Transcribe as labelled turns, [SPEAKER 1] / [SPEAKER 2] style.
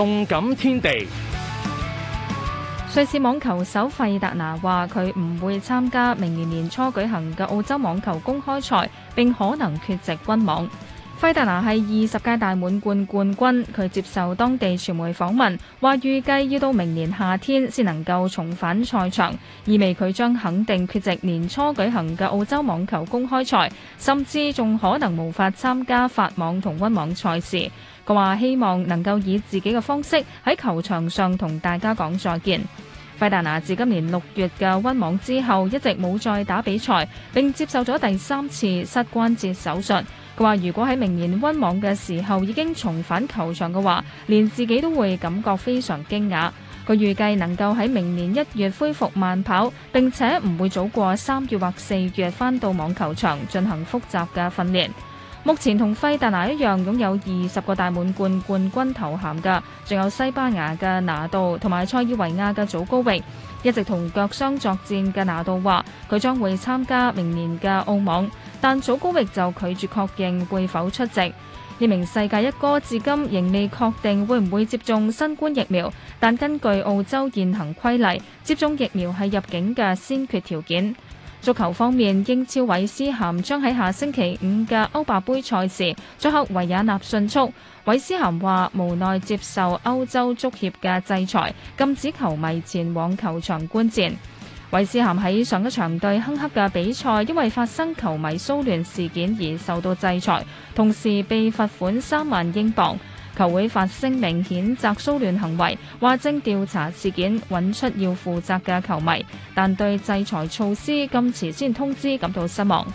[SPEAKER 1] 動感天地。瑞士網球手費達拿話：佢唔會參加明年年初舉行嘅澳洲網球公開賽，並可能缺席溫網。費達拿係二十屆大滿貫冠軍，佢接受當地傳媒訪問，話預計要到明年夏天先能夠重返賽場，意味佢將肯定缺席年初舉行嘅澳洲網球公開賽，甚至仲可能無法參加法網同溫網賽事。佢話希望能夠以自己嘅方式喺球場上同大家講再見。費達拿自今年六月嘅溫網之後一直冇再打比賽，並接受咗第三次膝關節手術。佢話如果喺明年溫網嘅時候已經重返球場嘅話，連自己都會感覺非常驚訝。佢預計能夠喺明年一月恢復慢跑，並且唔會早過三月或四月返到網球場進行複雜嘅訓練。目前同費達拿一樣擁有二十個大滿貫冠軍頭銜嘅，仲有西班牙嘅拿度同埋塞爾維亞嘅祖高域。一直同腳傷作戰嘅拿度話，佢將會參加明年嘅澳網。但祖高域就拒絕確認會否出席。一名世界一哥至今仍未確定會唔會接種新冠疫苗，但根據澳洲現行規例，接種疫苗係入境嘅先決條件。足球方面，英超韋斯咸將喺下星期五嘅歐霸杯賽事作客維也納迅速。韋斯咸話無奈接受歐洲足協嘅制裁，禁止球迷前往球場觀戰。韋斯咸喺上一場對亨克嘅比賽，因為發生球迷騷亂事件而受到制裁，同時被罰款三萬英鎊。球會發聲明，譴責騷亂行為，話正調查事件，揾出要負責嘅球迷，但對制裁措施咁遲先通知感到失望。